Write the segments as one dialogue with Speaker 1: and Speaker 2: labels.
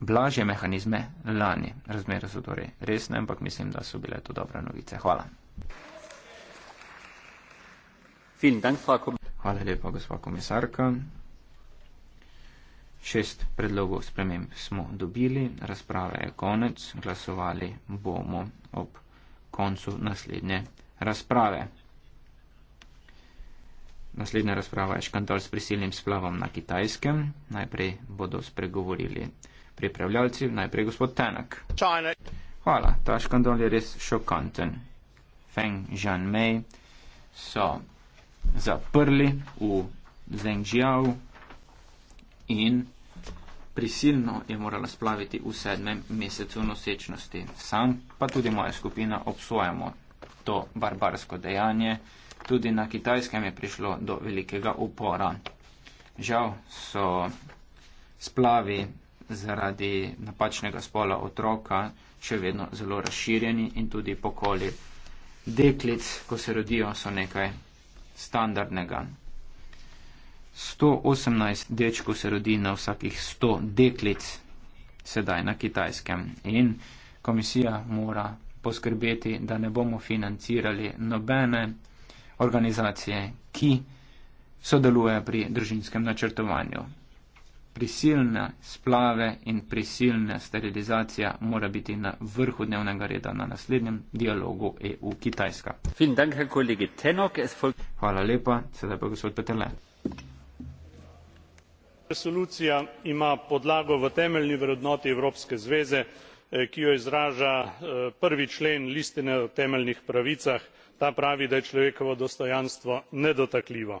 Speaker 1: blaže mehanizme lani. Razmere so torej resne, ampak mislim, da so bile to dobre novice. Hvala. Hvala lepa, gospa komisarka. Šest predlogov sprememb smo dobili, razprava je konec, glasovali bomo ob koncu naslednje razprave. Naslednja razprava je škandal s prisilnim splavom na kitajskem. Najprej bodo spregovorili pripravljalci najprej gospod Tenak. China. Hvala, ta škandal je res šokanten. Feng Zhanmei so zaprli v Zhengzhou in prisilno je morala splaviti v sedmem mesecu nosečnosti. Sam pa tudi moja skupina obsojamo to barbarsko dejanje. Tudi na kitajskem je prišlo do velikega upora. Žal so splavi zaradi napačnega spola otroka še vedno zelo razširjeni in tudi pokoli deklic, ko se rodijo, so nekaj standardnega. 118 dečkov se rodi na vsakih 100 deklic sedaj na kitajskem in komisija mora poskrbeti, da ne bomo financirali nobene organizacije, ki sodelujejo pri družinskem načrtovanju prisilne splave in prisilna sterilizacija mora biti na vrhu dnevnega reda na naslednjem dialogu
Speaker 2: EU-Kitajska. Hvala lepa, sedaj pa gospod Petele.
Speaker 3: Resolucija ima podlago v temeljni vrednoti Evropske zveze, eh, ki jo izraža eh, prvi člen listine o temeljnih pravicah. Ta pravi, da je človekovo dostojanstvo nedotakljivo.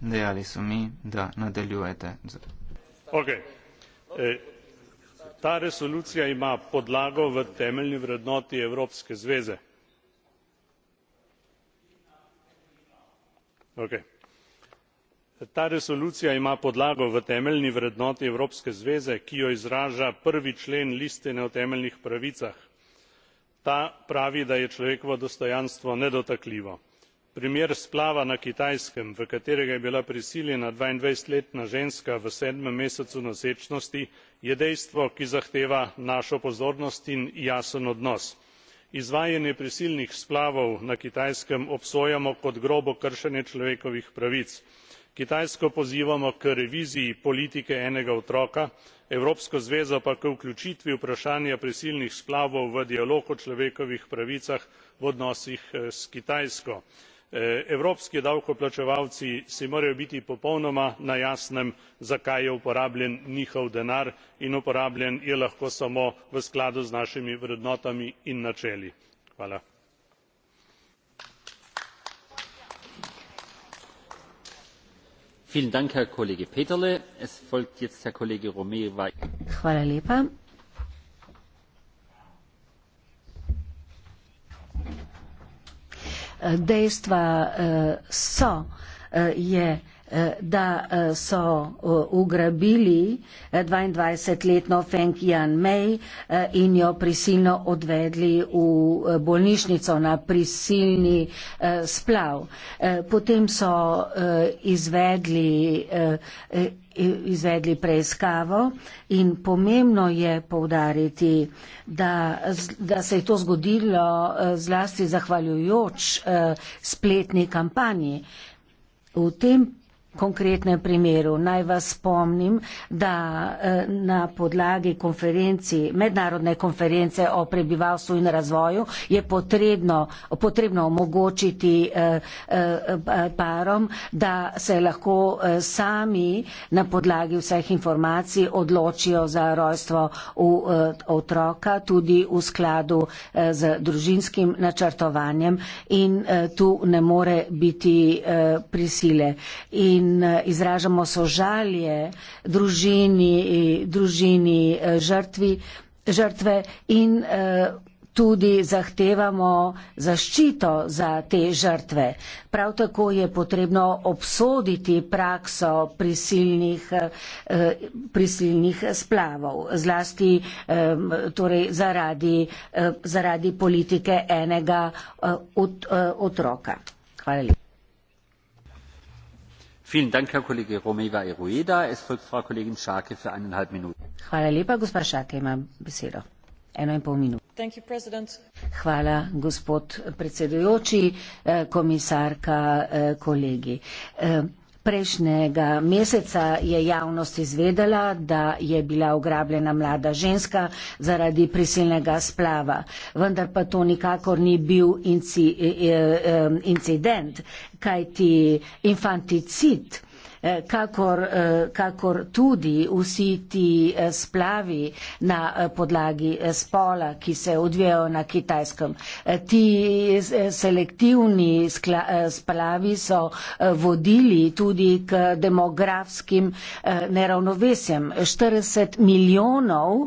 Speaker 1: Dejali so mi, da nadaljujete.
Speaker 3: Okay. E, ta resolucija ima podlago v temeljni vrednoti Evropske zveze. Okay. Ta resolucija ima podlago v temeljni vrednoti Evropske zveze, ki jo izraža prvi člen listine o temeljnih pravicah. Ta pravi, da je človekovo dostojanstvo nedotakljivo primer splava na kitajskem v katerega je bila prisiljena dvaindvajset letna ženska v sedmem mesecu nosečnosti je dejstvo ki zahteva našo pozornost in jasen odnos. izvajanje prisilnih splavov na kitajskem obsojamo kot grobo kršenje človekovih pravic. kitajsko pozivamo k reviziji politike enega otroka evropsko zvezo pa k vključitvi vprašanja prisilnih splavov v dialog o človekovih pravicah v odnosih eh, s kitajsko. E, evropski davkoplačevalci si morajo biti popolnoma na jasnem za kaj je uporabljen njihov denar in uporabljen je lahko samo v skladu z našimi vrednotami in načeli.
Speaker 4: dejstva eh, so eh, je Eh, da eh, so eh, ugrabili 22-letno Feng Yan Mei in jo prisilno odvedli v bolnišnico na prisilni splav. Potem so izvedli, izvedli preiskavo in pomembno je povdariti, da, da se je to zgodilo zlasti zahvaljujoč spletni kampanji. V tem konkretnem primeru. Naj vas spomnim, da eh, na podlagi konferenci, mednarodne konference o prebivalstvu in razvoju je potrebno, potrebno omogočiti eh, eh, parom, da se lahko sami na podlagi vseh informacij odločijo za rojstvo otroka tudi v skladu z družinskim načrtovanjem in tu ne more biti prisile. In in eh, izražamo sožalje družini, eh, družini eh, žrtvi, žrtve in tudi zahtevamo zaščito za te žrtve. Prav tako je potrebno obsoditi prakso prisilnih, prisilnih splavov, zlasti torej zaradi, zaradi politike enega otroka. Hvala lepa hvala lepa gospa šake ima besedo eno in pol minute hvala gospod predsedujoči eh, komisarka eh, kolegi eh, Prejšnjega meseca je javnost izvedela, da je bila ograbljena mlada ženska zaradi prisilnega splava, vendar pa to nikakor ni bil inci, eh, eh, eh, incident, kajti infanticid. Eh, kakor, eh, kakor tudi vsi ti eh, splavi na podlagi spola, ki se odvijajo na kitajskem. Ti selektivni splavi so vodili tudi k demografskim neravnovesjem. 40 milijonov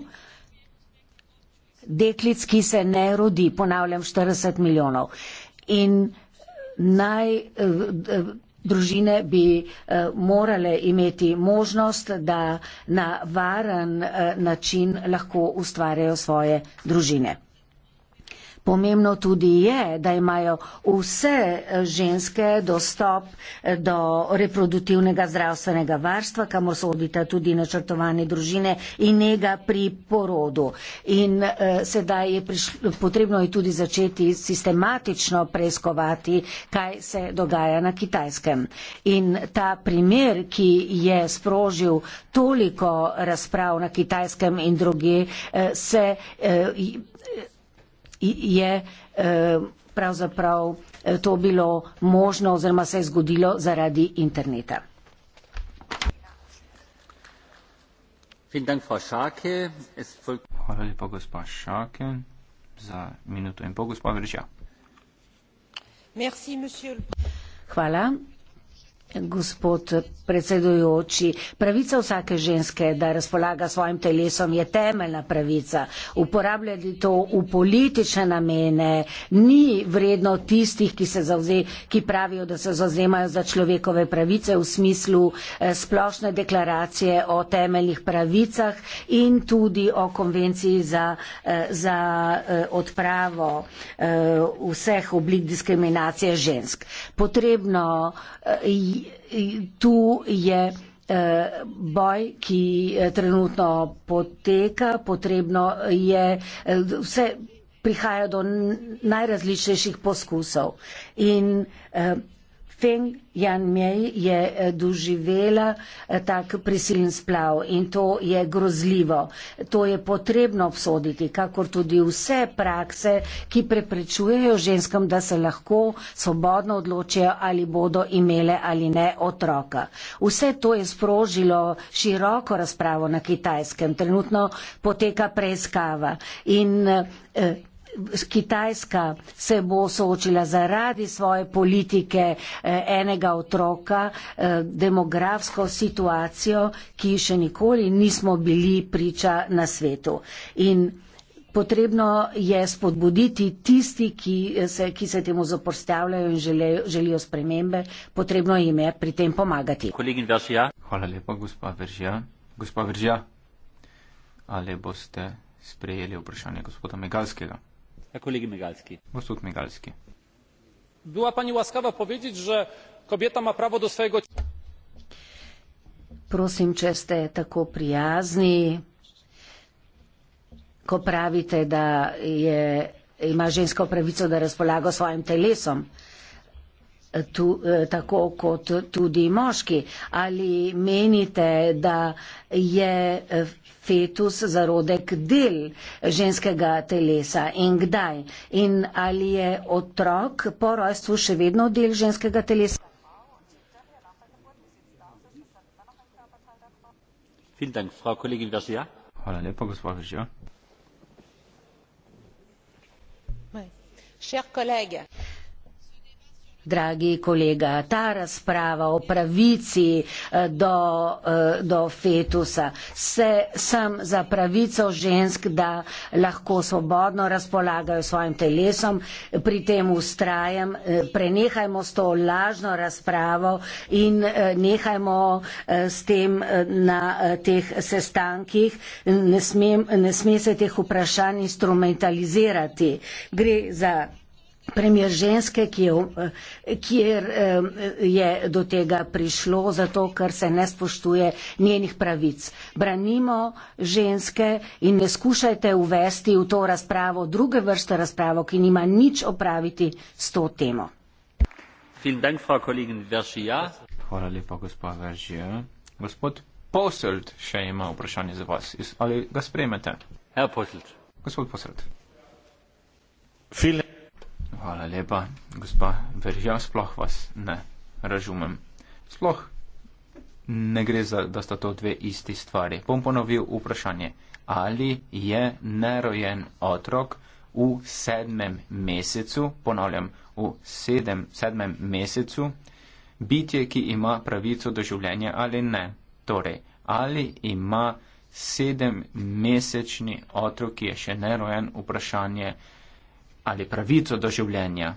Speaker 4: deklic, ki se ne rodi, ponavljam, 40 milijonov. In naj. Družine bi eh, morale imeti možnost, da na varen eh, način lahko ustvarjajo svoje družine. Pomembno tudi je, da imajo vse eh, ženske dostop eh, do reproduktivnega zdravstvenega varstva, kamor sodita tudi načrtovanje družine in njega pri porodu. In eh, sedaj je prišlo, potrebno je tudi začeti sistematično preiskovati, kaj se dogaja na kitajskem. In ta primer, ki je sprožil toliko razprav na kitajskem in druge, eh, se. Eh, je eh, pravzaprav eh, to bilo možno oziroma se je zgodilo zaradi interneta.
Speaker 1: Hvala lepa, gospa Šake, za minuto in pol, gospa Vrča.
Speaker 4: Hvala. Gospod predsedujoči, pravica vsake ženske, da razpolaga svojim telesom, je temeljna pravica. Uporabljati to v politične namene ni vredno tistih, ki, zavze, ki pravijo, da se zauzemajo za človekove pravice v smislu eh, splošne deklaracije o temeljnih pravicah in tudi o konvenciji za, eh, za eh, odpravo vseh oblik diskriminacije žensk. Potrebno tu je eh, boj, ki eh, trenutno poteka, potrebno je eh, vse prihaja do najrazličnejših poskusov. In eh, Feng Janmej je eh, doživela eh, tak prisiljen splav in to je grozljivo. To je potrebno obsoditi, kakor tudi vse prakse, ki preprečujejo ženskam, da se lahko svobodno odločijo, ali bodo imele ali ne otroka. Vse to je sprožilo široko razpravo na kitajskem. Trenutno poteka preiskava. In, eh, Kitajska se bo soočila zaradi svoje politike eh, enega otroka eh, demografsko situacijo, ki še nikoli nismo bili priča na svetu. In Potrebno je spodbuditi tisti, ki eh, se, ki se temu zoprstavljajo in želejo, želijo spremembe, potrebno jim je pri tem pomagati.
Speaker 2: Hvala lepa, gospa Veržja. Gospa Veržja, ali
Speaker 1: boste sprejeli vprašanje gospoda Megalskega?
Speaker 3: była pani łaskawa powiedzieć że kobieta ma prawo do swojego
Speaker 4: prosim če ste tako prijazni ko pravite da je ima žensko pravico da razpolaga s svojim telesom tu, eh, tako kot tudi moški. Ali menite, da je eh, fetus zarodek del ženskega telesa in kdaj? In ali je otrok po rojstvu še vedno del ženskega telesa?
Speaker 2: Hvala lepa, gospod
Speaker 1: Vršija.
Speaker 4: Dragi kolega, ta razprava o pravici eh, do, eh, do fetusa, se sem za pravico žensk, da lahko svobodno razpolagajo svojim telesom, pri tem ustrajam, eh, prenehajmo s to lažno razpravo in nehajmo s tem na teh sestankih, ne, smem, ne sme se teh vprašanj instrumentalizirati. Gre za Primer ženske, eh, kjer eh, je do tega prišlo, zato ker se ne spoštuje njenih pravic. Branimo ženske in ne skušajte uvesti v to razpravo druge vrste razpravo, ki nima nič opraviti s to temo.
Speaker 2: Hvala lepa, gospod
Speaker 1: Veržija. Gospod Poselt še ima vprašanje za vas. Ali ga spremete?
Speaker 2: Gospod Poselt. Filip.
Speaker 1: Hvala lepa, gospa Verja, sploh vas ne razumem. Sploh ne gre za, da sta to dve isti stvari. Bom ponovil vprašanje. Ali je nerojen otrok v sedmem mesecu, ponavljam, v sedem, sedmem mesecu, bitje, ki ima pravico do življenja ali ne? Torej, ali ima sedemmesečni otrok, ki je še nerojen, vprašanje, ali pravico do življenja.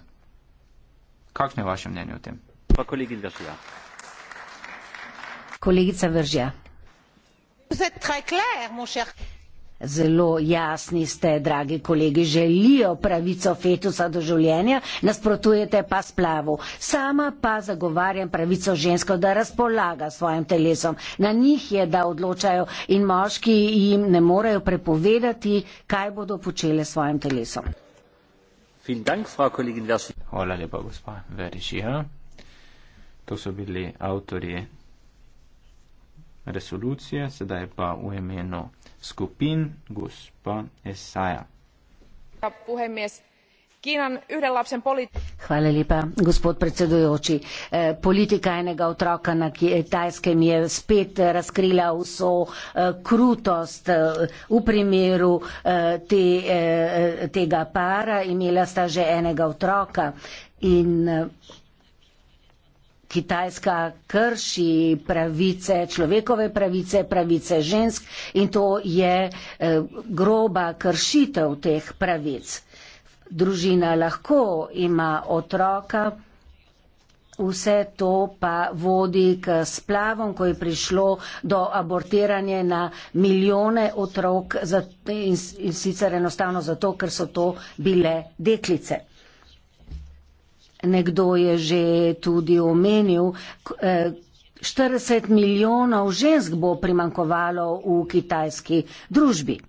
Speaker 1: Kakšno je vaše mnenje o tem? Pa kolegi držijo.
Speaker 4: Kolegica Vržja. Zelo jasni ste, dragi kolegi, želijo pravico fetusa do življenja, nasprotujete pa splavu. Sama pa zagovarjam pravico žensko, da razpolaga svojim telesom. Na njih je, da odločajo in moški jim ne morejo prepovedati, kaj bodo počele svojim telesom.
Speaker 2: Hvala
Speaker 1: lepa, gospa Verižija. To so bili avtori resolucije, sedaj pa v imenu skupin gospa Esaja. Puhemies. Kiinan yhden lapsen
Speaker 4: politiikka. gospod predsedujoči. Eh, politika enega otroka na Kitajskem je spet eh, razkrila vso eh, krutost v primeru te, tega para. Imela sta že enega otroka in Kitajska krši pravice, človekove pravice, pravice žensk in to je groba kršitev teh pravic. Družina lahko ima otroka, vse to pa vodi k splavom, ko je prišlo do abortiranja na milijone otrok in sicer enostavno zato, ker so to bile deklice. Nekdo je že tudi omenil, 40 e, milijonov žensk bo primankovalo v kitajski družbi.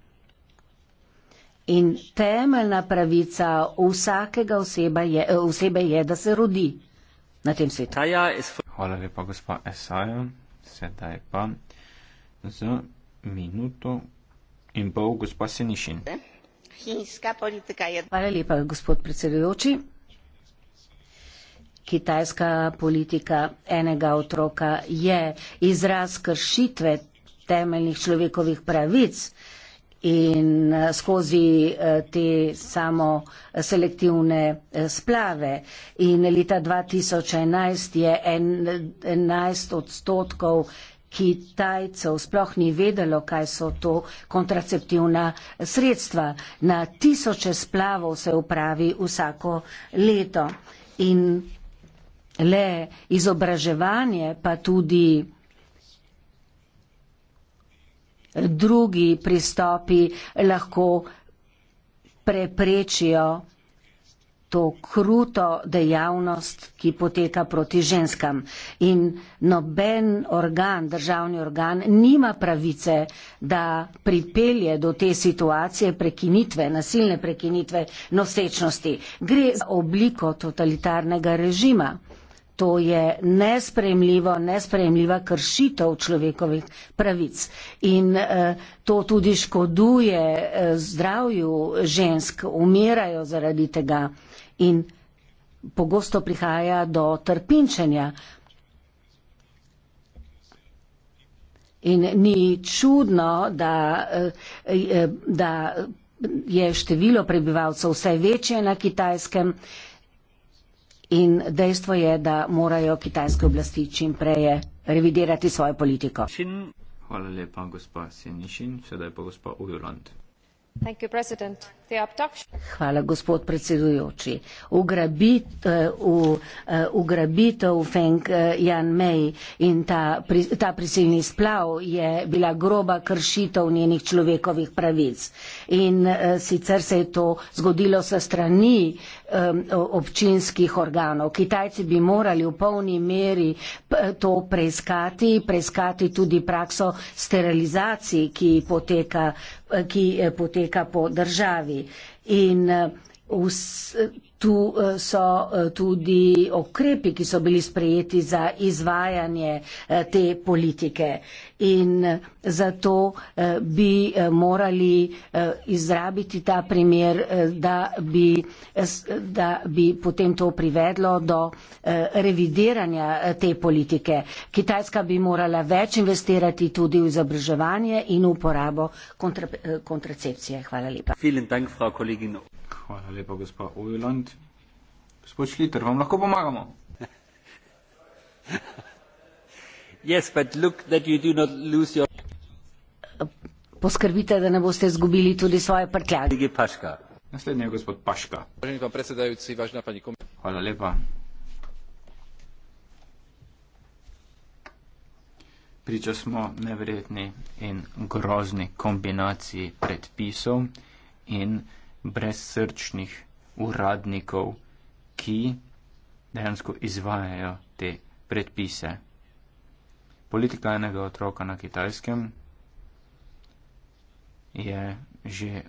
Speaker 4: In temeljna pravica vsakega oseba je, osebe je, da se rodi na tem svetu.
Speaker 1: Hvala lepa, gospa Esaja. Sedaj pa za minuto in pol, gospa Senišin.
Speaker 4: Hinska politika je. Hvala lepa, gospod predsedujoči. Kitajska politika enega otroka je izraz kršitve temeljnih človekovih pravic in eh, skozi eh, te samo eh, selektivne splave. In leta 2011 je 11 odstotkov Kitajcev sploh ni vedelo, kaj so to kontraceptivna sredstva. Na tisoče splavov se upravi vsako leto. In le izobraževanje, pa tudi drugi pristopi lahko preprečijo to kruto dejavnost, ki poteka proti ženskam. In noben organ, državni organ, nima pravice, da pripelje do te situacije prekinitve, nasilne prekinitve nosečnosti. Gre za obliko totalitarnega režima to je nespremljivo, nespremljiva kršitev človekovih pravic. In eh, to tudi škoduje eh, zdravju žensk, umirajo zaradi tega in pogosto prihaja do trpinčenja. In ni čudno, da, eh, eh da je število prebivalcev vse večje na kitajskem. Eh, In dejstvo je, da morajo kitajske oblasti čim preje revidirati svojo politiko. Hvala
Speaker 1: lepa, gospa Senišin. Sedaj pa gospa Ujuland.
Speaker 4: Hvala, gospod predsedujoči. Eh, eh, ugrabitev Feng Janmei eh, in ta, ta prisilni splav je bila groba kršitev njenih človekovih pravic. In sicer se je to zgodilo sa strani eh, Um, občinskih organov. Kitajci bi morali v polni meri to preiskati, preiskati tudi prakso sterilizacije, ki, ki eh, poteka po državi. In eh, Tu eh, so eh, tudi okrepi, ki so bili sprejeti za izvajanje eh, te politike. In zato bi morali izrabiti ta primer, da bi, da bi potem to privedlo do revidiranja te politike. Kitajska bi morala več investirati tudi v izobraževanje in uporabo kontra, kontracepcije. Hvala lepa.
Speaker 2: Hvala lepa, gospa Ujland. Gospod Šliter, vam lahko pomagamo? yes, your...
Speaker 4: Poskrbite, da ne boste izgubili tudi svoje prtljage.
Speaker 2: Naslednji je gospod Paška.
Speaker 1: Hvala lepa. Priča smo neverjetni in grozni kombinaciji predpisov in brezsrčnih uradnikov, ki dejansko izvajajo te predpise. Politika enega otroka na kitajskem je že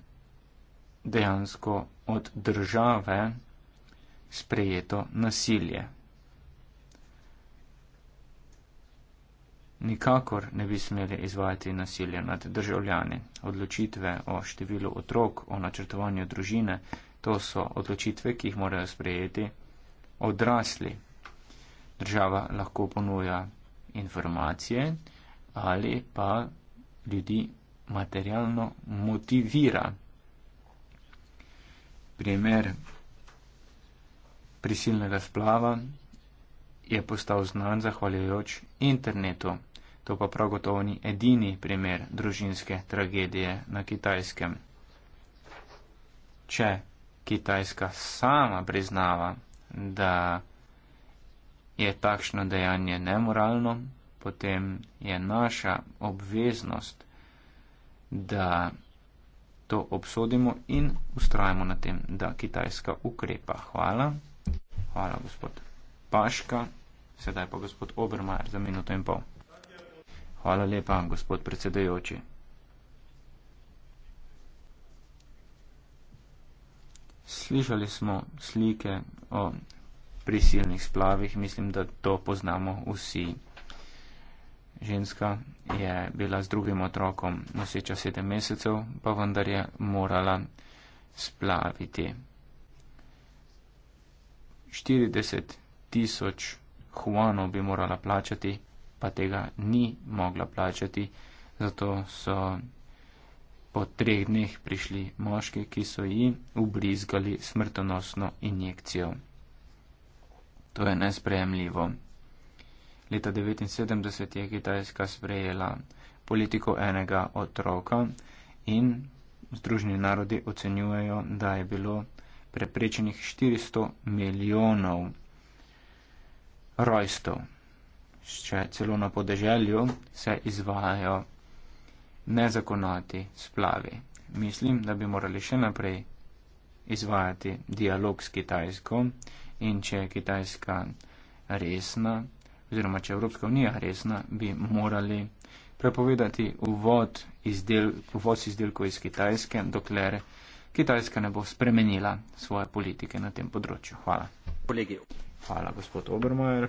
Speaker 1: dejansko od države sprejeto nasilje. nikakor ne bi smeli izvajati nasilja nad državljani. Odločitve o številu otrok, o načrtovanju družine, to so odločitve, ki jih morajo sprejeti odrasli. Država lahko ponuja informacije ali pa ljudi materialno motivira. Primer prisilnega splava je postal znan zahvaljujoč internetu. To pa prav gotovo ni edini primer družinske tragedije na kitajskem. Če Kitajska sama priznava, da je takšno dejanje nemoralno, potem je naša obveznost, da to obsodimo in ustrajamo na tem, da Kitajska ukrepa. Hvala. Hvala, gospod Paška. Sedaj pa gospod Obermajer za minuto in pol. Hvala lepa, gospod predsedajoči. Slišali smo slike o prisilnih splavih, mislim, da to poznamo vsi. Ženska je bila z drugim otrokom noseča sedem mesecev, pa vendar je morala splaviti. 40 tisoč huanov bi morala plačati, pa tega ni mogla plačati, zato so po treh dneh prišli moški, ki so ji ubrizgali smrtonosno injekcijo. To je nesprejemljivo. Leta 1979 je Kitajska sprejela politiko enega otroka in Združeni narodi ocenjujejo, da je bilo preprečenih 400 milijonov rojstev še celo na podeželju se izvajajo nezakonati splavi. Mislim, da bi morali še naprej izvajati dialog s Kitajsko in če je Kitajska resna, oziroma če Evropska unija resna, bi morali prepovedati uvod, izdel, uvod izdelkov iz Kitajske, dokler Kitajska ne bo spremenila svoje politike na tem področju. Hvala. Kolegi. Hvala, gospod Obermajer.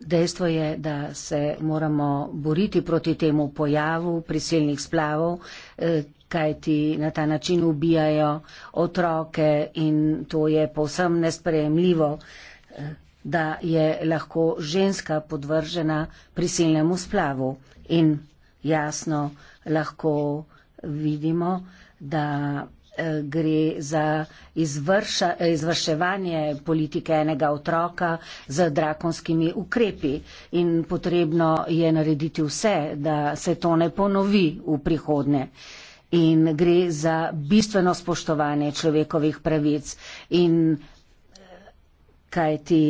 Speaker 4: Dejstvo je, da se moramo boriti proti temu pojavu prisilnih splavov, eh, kajti na ta način ubijajo otroke in to je povsem nesprejemljivo, eh, da je lahko ženska podvržena prisilnemu splavu. In jasno lahko vidimo, da Eh, gre za izvrša, eh, izvrševanje politike enega otroka z drakonskimi ukrepi in potrebno je narediti vse, da se to ne ponovi v prihodnje. In gre za bistveno spoštovanje človekovih pravic in eh, kaj ti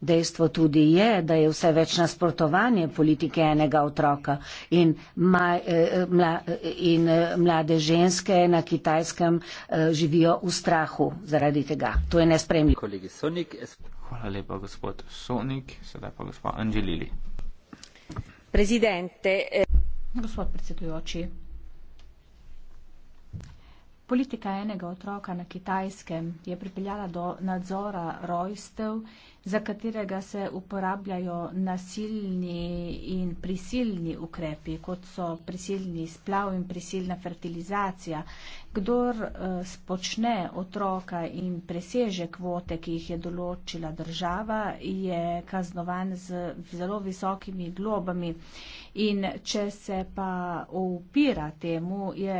Speaker 4: Dejstvo tudi je, da je vse več nasprotovanje politike enega otroka in, ma, eh, eh, mla, eh, in mlade ženske na kitajskem živijo v strahu zaradi tega. To je nespremljivo.
Speaker 2: Hvala
Speaker 1: lepa, gospod Sonik. Sedaj pa gospod Angelili.
Speaker 4: Prezidente.
Speaker 5: Gospod predsedujoči. Politika enega otroka na kitajskem je pripeljala do nadzora rojstev za katerega se uporabljajo nasilni in prisilni ukrepi, kot so prisilni splav in prisilna fertilizacija, Kdor eh, spočne otroka in preseže kvote, ki jih je določila država, je kaznovan z zelo visokimi globami. In če se pa upira temu, je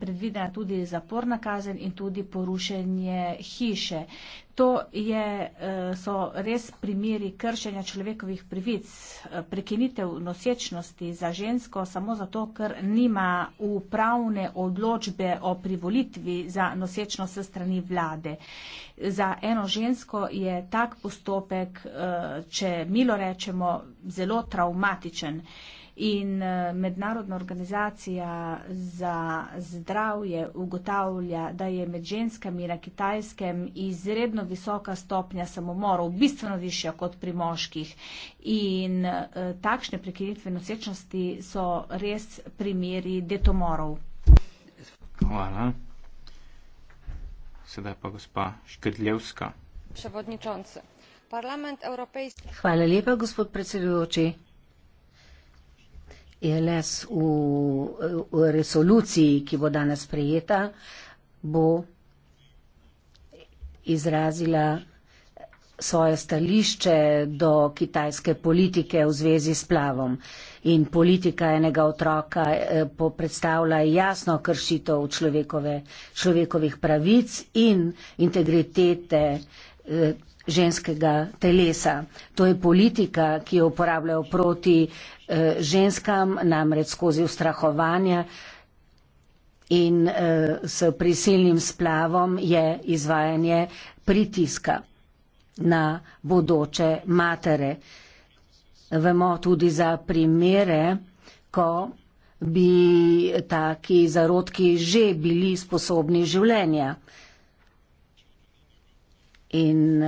Speaker 5: predvidena tudi zaporna kazen in tudi porušenje hiše. To je, eh, so res primeri kršenja človekovih privic, eh, prekinitev nosečnosti za žensko samo zato, ker nima upravne odločbe o privolitvi za nosečnost se strani vlade. Za eno žensko je tak postopek, eh, če milo rečemo, zelo traumatičen. In eh, mednarodna organizacija za zdravje ugotavlja, da je med ženskami na kitajskem izredno visoka stopnja samomorov, bistveno višja kot pri moških. In eh, takšne prekinitve nosečnosti so res primeri detomorov.
Speaker 1: Hvala. Sedaj pa gospa Škrdljevska.
Speaker 5: Prevodničonce. Parlament Evropejski.
Speaker 4: Hvala lepa, gospod predsedujoči. ILS e v, v resoluciji, ki bo danes prejeta, bo izrazila svoje stališče do kitajske politike v zvezi s plavom. In politika enega otroka eh, predstavlja jasno kršitev človekove, človekovih pravic in integritete eh, ženskega telesa. To je politika, ki jo uporabljajo proti eh, ženskam, namreč skozi ustrahovanja in s prisilnim splavom je izvajanje pritiska na bodoče matere. Vemo tudi za primere, ko bi taki zarodki že bili sposobni življenja. In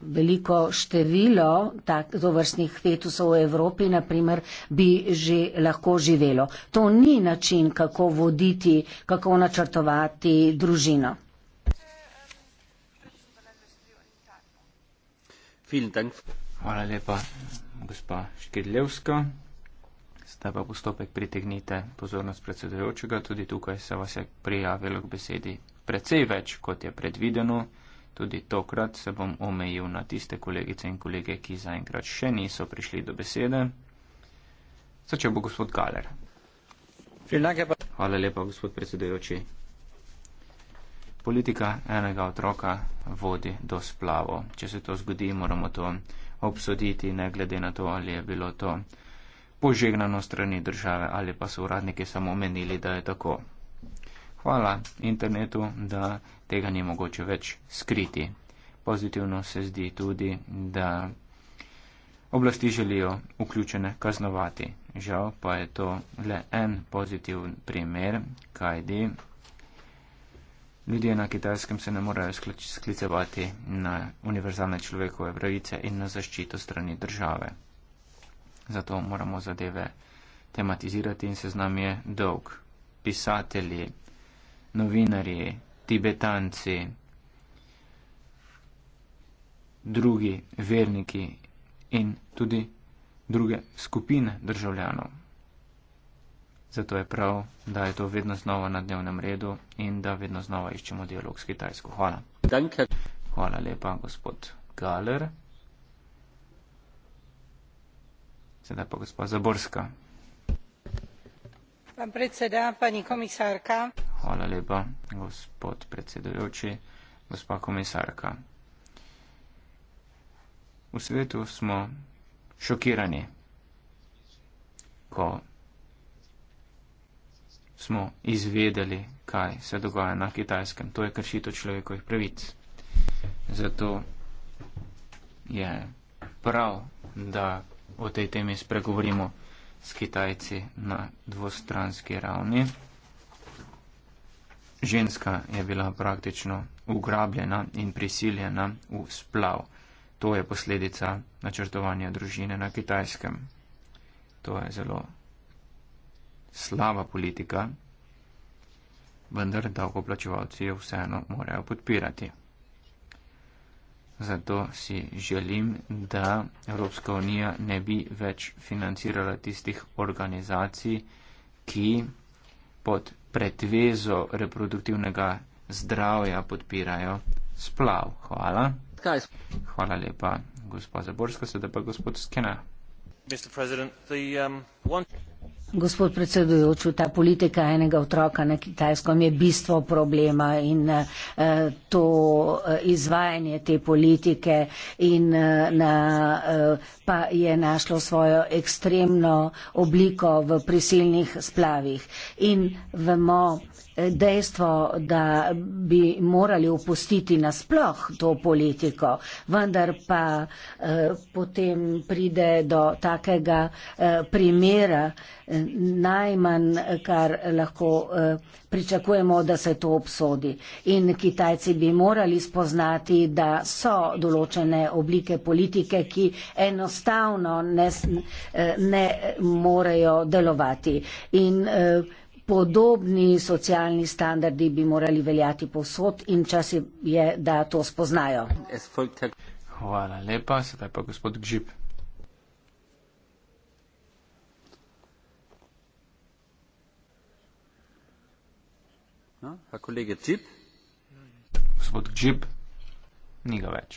Speaker 4: veliko število tovrstnih fetusov v Evropi, na primer, bi že lahko živelo. To ni način, kako voditi, kako načrtovati družino.
Speaker 2: Hvala lepa,
Speaker 1: gospa Škirljevska. Zdaj pa postopek pritegnite pozornost predsedujočega. Tudi tukaj se vas je prijavilo k besedi precej več, kot je predvideno. Tudi tokrat se bom omejil na tiste kolegice in kolege, ki zaenkrat še niso prišli do besede. Začel bo gospod Galer. Hvala lepa, gospod predsedujoči. Politika enega otroka vodi do splavo. Če se to zgodi, moramo to obsoditi, ne glede na to, ali je bilo to požegnano strani države ali pa so uradniki samo menili, da je tako. Hvala internetu, da tega ni mogoče več skriti. Pozitivno se zdi tudi, da oblasti želijo vključene kaznovati. Žal pa je to le en pozitiven primer, kajdi. Ljudje na kitajskem se ne morejo sklicevati na univerzalne človekove pravice in na zaščito strani države. Zato moramo zadeve tematizirati in se z nami je dolg. Pisatelji, novinarji, tibetanci, drugi verniki in tudi druge skupine državljanov. Zato je prav, da je to vedno znova na dnevnem redu in da vedno znova iščemo dialog s Kitajsko. Hvala. Danke. Hvala lepa, gospod Galer. Sedaj pa gospod Zaborska.
Speaker 5: Pan predseda, pani komisarka.
Speaker 1: Hvala lepa, gospod predsedujoči, gospa komisarka. V svetu smo šokirani, ko smo izvedeli, kaj se dogaja na kitajskem. To je kršito človekovih pravic. Zato je prav, da o tej temi spregovorimo s Kitajci na dvostranski ravni. Ženska je bila praktično ugrabljena in prisiljena v splav. To je posledica načrtovanja družine na kitajskem. To je zelo slaba politika, vendar davkoplačevalci jo vseeno morajo podpirati. Zato si želim, da Evropska unija ne bi več financirala tistih organizacij, ki pod pretvezo reproduktivnega zdravja podpirajo splav. Hvala. Hvala lepa, gospod Zaborska, sedaj pa gospod Skena.
Speaker 5: Mr. President, the um, one.
Speaker 4: Gospod predsedujoč, ta politika enega otroka na kitajskem je bistvo problema in eh, to eh, izvajanje te politike in, eh, na, pa je našlo svojo ekstremno obliko v prisilnih splavih. In vemo dejstvo, da bi morali opustiti nasploh to politiko, vendar pa potem pride do takega primera, najmanj, kar lahko eh, pričakujemo, da se to obsodi. In Kitajci bi morali spoznati, da so določene oblike politike, ki enostavno ne, eh, ne morejo delovati. In, eh, Podobni socialni standardi bi morali veljati posod in čas je, da to spoznajo.
Speaker 1: Hvala lepa, sedaj pa gospod Gžip.
Speaker 2: No, pa kolega Čip. Gospod Čip,
Speaker 1: ni ga več.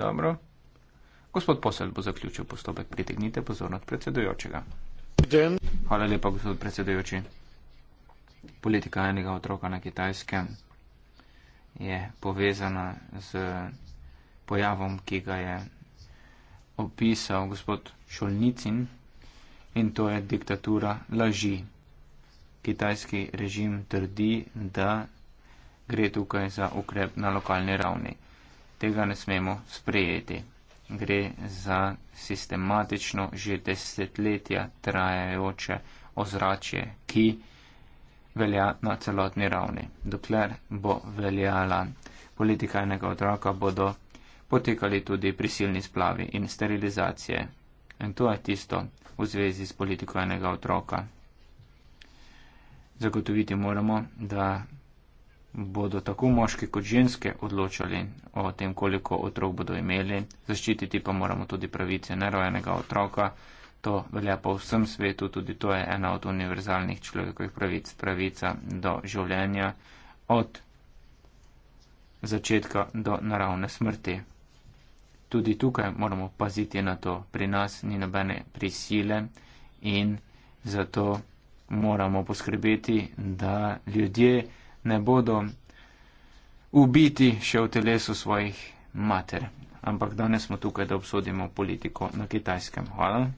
Speaker 1: Dobro. Gospod Posel bo zaključil postopek. Pritegnite pozornost predsedujočega. Den. Hvala lepa, gospod predsedujoči. Politika enega otroka na kitajskem je povezana z pojavom, ki ga je opisal gospod Šolnicin in to je diktatura laži kitajski režim trdi, da gre tukaj za ukrep na lokalni ravni. Tega ne smemo sprejeti. Gre za sistematično že desetletja trajajoče ozračje, ki velja na celotni ravni. Dokler bo veljala politika enega otroka, bodo potekali tudi prisilni splavi in sterilizacije. In to je tisto v zvezi s politiko enega otroka zagotoviti moramo, da bodo tako moški kot ženske odločali o tem, koliko otrok bodo imeli. Zaščititi pa moramo tudi pravice nerojenega otroka. To velja po vsem svetu, tudi to je ena od univerzalnih človekovih pravic, pravica do življenja od začetka do naravne smrti. Tudi tukaj moramo paziti na to. Pri nas ni nobene prisile in zato moramo poskrbeti, da ljudje ne bodo ubiti še v telesu svojih mater. Ampak danes smo tukaj, da obsodimo politiko na kitajskem. Hvala.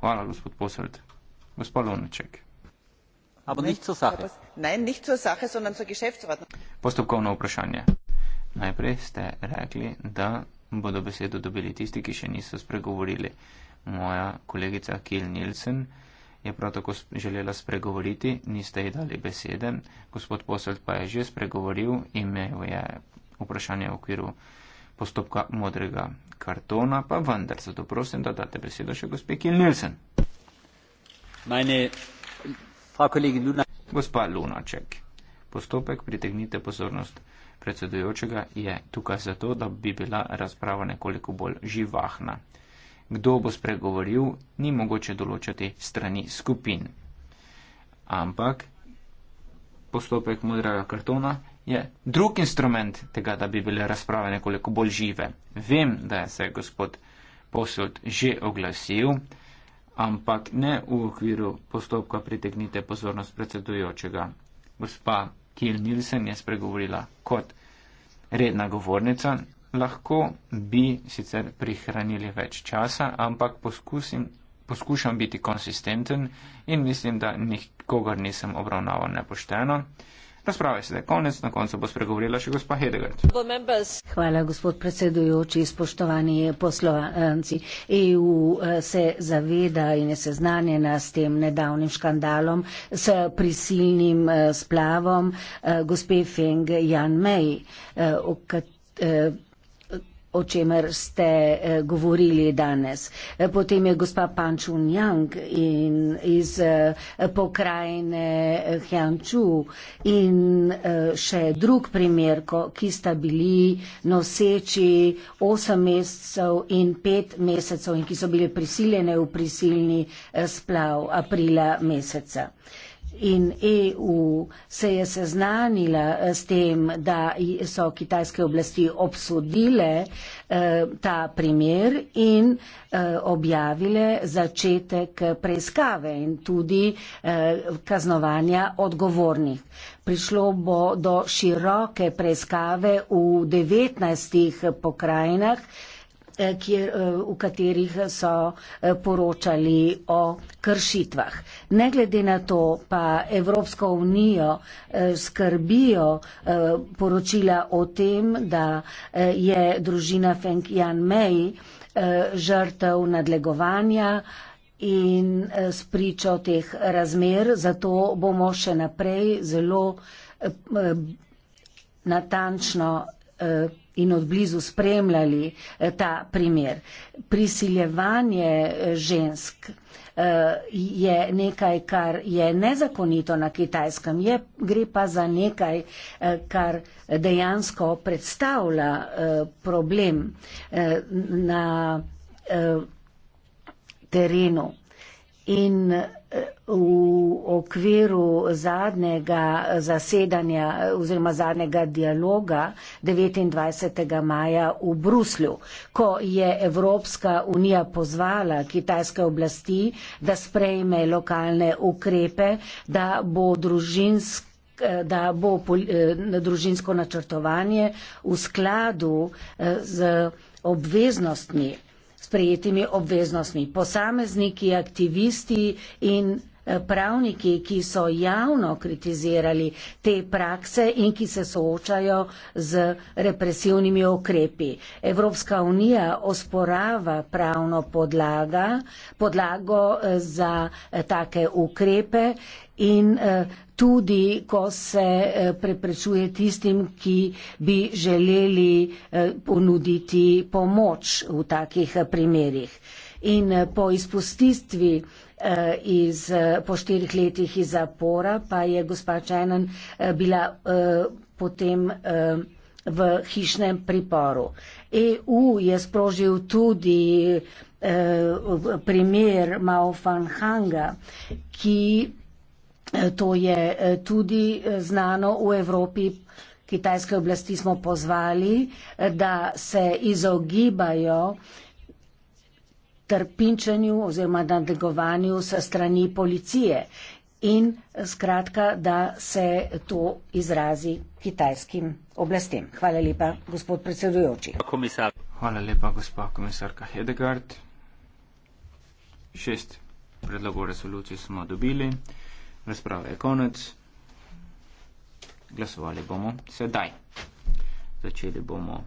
Speaker 1: Hvala, gospod Posred. Gospod Lunaček. Postopkovno vprašanje. Najprej ste rekli, da bodo besedo dobili tisti, ki še niso spregovorili moja kolegica Kil Nielsen je prav tako želela spregovoriti, niste ji dali besede, gospod posel pa je že spregovoril, imel je vprašanje v okviru postopka modrega kartona, pa vendar, zato prosim, da date besedo še gospe Kil Nielsen. Meine, Luna. Gospa Lunaček, postopek pritegnite pozornost predsedujočega je tukaj zato, da bi bila razprava nekoliko bolj živahna kdo bo spregovoril, ni mogoče določati strani skupin. Ampak postopek modrega kartona je drug instrument tega, da bi bile razprave nekoliko bolj žive. Vem, da je se gospod posod že oglasil, ampak ne v okviru postopka pritegnite pozornost predsedujočega. Gospa Kil Nilsen je spregovorila kot redna govornica, lahko bi sicer prihranili več časa, ampak poskusim, poskušam biti konsistenten in mislim, da nikogar nisem obravnaval nepošteno. Razprave se da konec, na koncu bo spregovorila še gospa Hedegard.
Speaker 4: Hvala, gospod predsedujoči, spoštovani poslovanci. EU eh, se zaveda in je seznanjena s tem nedavnim škandalom, s prisilnim eh, splavom eh, gospe Feng Jan Mei, o kateri o čemer ste eh, govorili danes. Eh, potem je gospa Pan Chun Yang iz eh, pokrajine Hjanču in še drug primer, ki sta bili noseči 8 mesecev in 5 mesecev in ki so bili prisiljene v prisilni splav aprila meseca. In EU se je seznanila eh, s tem, da so kitajske oblasti obsodile eh, ta primer in eh, objavile začetek preiskave in tudi eh, kaznovanja odgovornih. Prišlo bo do široke preiskave v 19 pokrajinah, Eh, kjer, eh, v katerih so eh, poročali o kršitvah. Ne glede na to pa Evropsko unijo skrbijo poročila o tem, da je družina Feng Jan Mei žrtev nadlegovanja in spričo teh razmer, zato bomo še naprej zelo natančno Eh, in odblizu spremljali eh, ta primer. Prisiljevanje eh, žensk je nekaj, kar je nezakonito na kitajskem, je, gre pa za nekaj, kar dejansko predstavlja problem na terenu in eh, v okviru zadnjega zasedanja oziroma zadnjega dialoga 29. maja v Bruslju, ko je Evropska unija pozvala kitajske oblasti, da sprejme lokalne ukrepe, da bo družinsko eh, da bo eh, družinsko načrtovanje v skladu z obveznostmi s prijetimi obveznostmi. Posamezniki, aktivisti in eh, pravniki, ki so javno kritizirali te prakse in ki se soočajo z represivnimi okrepi. Evropska unija osporava pravno podlaga, podlago eh, za eh, take ukrepe in eh, tudi, ko se eh, preprečuje tistim, ki bi želeli eh, ponuditi pomoč v takih primerjih. In po izpustitvi iz, po štirih letih iz zapora pa je gospa Čajnan bila potem v hišnem priporu. EU je sprožil tudi eh, primer Mao Fanhanga, ki Eh, to je eh, tudi eh, znano v Evropi. Kitajske oblasti smo pozvali, da se izogibajo trpinčenju oziroma nadegovanju sa strani policije in skratka, da se to izrazi kitajskim oblastem. Hvala lepa, gospod predsedujoči.
Speaker 2: Hvala lepa, gospod
Speaker 1: komisarka Hedegard. Šest predlogov resolucij smo dobili. Razprava je konec. Glasovali bomo sedaj. Začeli bomo.